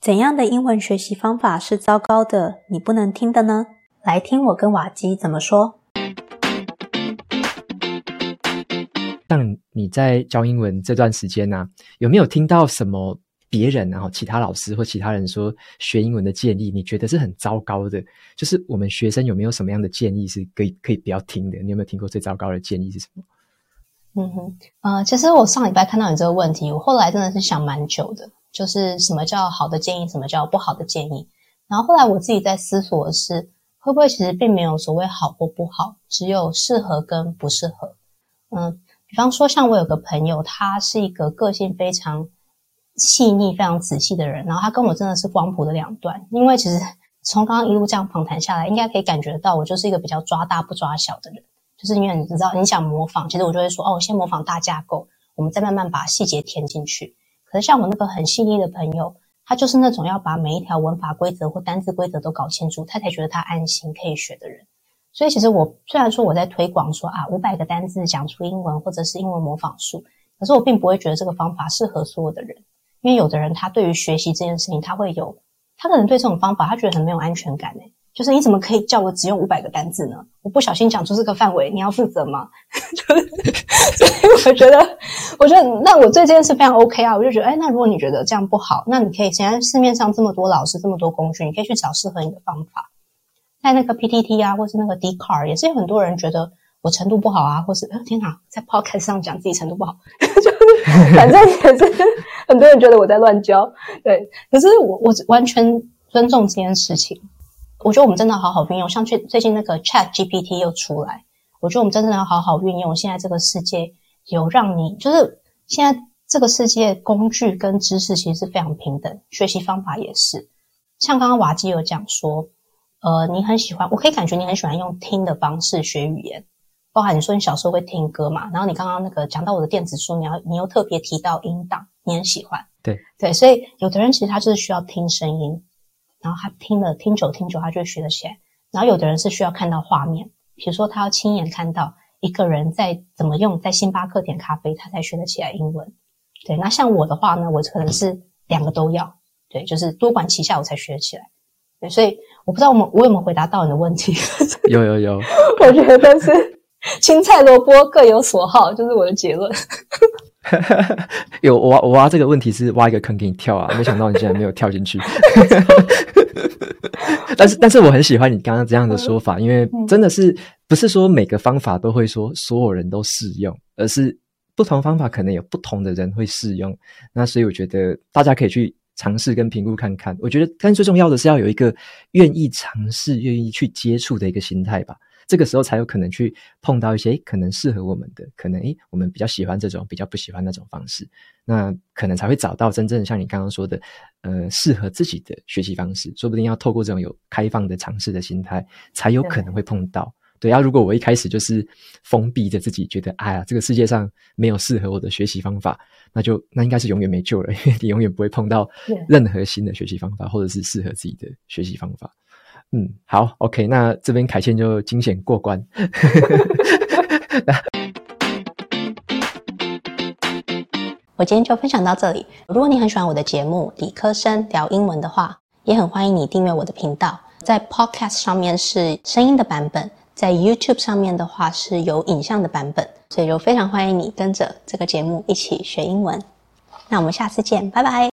怎樣的英文學習方法是糟糕的，你不能聽的呢？來聽我跟瓦基怎麼說。當你在教英文這段時間呢、啊，有沒有聽到什麼別人然後，啊，其他老師或其他人說學英文的建議？你覺得是很糟糕的，就是我們學生有沒有什麼樣的建議是可以可以不要聽的？你有沒有聽過最糟糕的建議是什麼？嗯哼，呃，其實我上禮拜看到你這個問題，我後來真的是想蠻久的，就是什麼叫好的建議，什麼叫不好的建議。然後後來我自己在思索的是，會不會其實並沒有所謂好或不好，只有適合跟不適合。嗯，比方說像我有個朋友，他是一個個性非常細膩、非常仔細的人，然後他跟我真的是光譜的兩端，因為其實從剛剛一路這樣訪談，談下來，應該可以感覺到，我就是一個比較抓大不抓小的人。就是因為你很知道你想模仿，其實我就會說哦，我先模仿大架構，我們再慢慢把細節填進去。可是像我那個很細膩的朋友，他就是那種要把每一條文法規則或單字規則都搞清楚，他才覺得他安心可以學的人。所以其實我雖然說我在推廣說啊，五百個單字講出英文或者是英文模仿術，可是我並不會覺得這個方法適合所有的人，因為有的人他對於學習這件事情，他會有他可能對這種方法，他覺得很沒有安全感，欸就是你怎麼可以叫我只用五百個單字呢？我不小心講出這個範圍，你要負責嗎？ 就是，所以我覺得，我覺得那我對這件事非常 OK 啊。我就覺得，哎，那如果你覺得這樣不好，那你可以現在市面上這麼多老師，這麼多工具，你可以去找適合你的方法。在那個 PTT 啊，或是那個 Dcard 也是有很多人覺得我程度不好啊，或是、啊、天哪，在 Podcast 上講自己程度不好， 就是反正也是很多人覺得我在亂教。對，可是我我完全尊重這件事情。我覺得我們真的好好運用，像最最近那個 ChatGPT 又出來，我覺得我們真的要好好運用。現在這個世界有讓你，就是現在這個世界工具跟知識其實是非常平等，學習方法也是。像剛剛瓦基有講說，呃，你很喜歡，我可以感覺你很喜歡用聽的方式學語言，包含你說你小時候會聽歌嘛，然後你剛剛那個講到我的電子書，你要你又特別提到音檔，你很喜歡。對對，所以有的人其實他就是需要聽聲音。然後他聽了聽久聽久，他就會學得起來。然後有的人是需要看到畫面，比如說他要親眼看到一個人在怎麼用，在星巴克點咖啡，他才學得起來英文。對，那像我的話呢，我可能是兩個都要，對，就是多管齊下，我才學得起來。對，所以我不知道我們我有沒有回答到你的問題？有有有， 我覺得但是青菜蘿蔔各有所好，就是我的結論。 有，我我挖這個問題是挖一個坑給你跳啊！沒想到你竟然沒有跳進去。 但是，但是我很喜歡你剛剛這樣的說法，因為真的是，不是說每個方法都會說所有人都適用，而是不同方法可能有不同的人會適用。那所以我覺得大家可以去嘗試跟評估看看。我覺得，但最重要的是要有一個願意嘗試、願意去接觸的一個心態吧。這個時候才有可能去碰到一些誒可能適合我們的，可能誒，我們比較喜歡這種，比較不喜歡那種方式，那可能才會找到真正像你剛剛說的，呃，適合自己的學習方式。說不定要透過這種有開放的嘗試的心態，才有可能會碰到。對，對啊，如果我一開始就是封閉着自己，覺得哎呀，這個世界上沒有適合我的學習方法，那就那應該是永遠沒救了，因為你永遠不會碰到任何新的學習方法，或者是適合自己的學習方法。嗯，好，OK，那這邊凱茜就驚險過關。我今天就分享到這裡。如果你很喜歡我的節目《理科生聊英文》的話，也很歡迎你訂閱我的頻道。在 Podcast 上面是聲音的版本，在 YouTube 上面的話是有影像的版本，所以就非常歡迎你跟着這個節目一起學英文。那我們下次見，拜拜。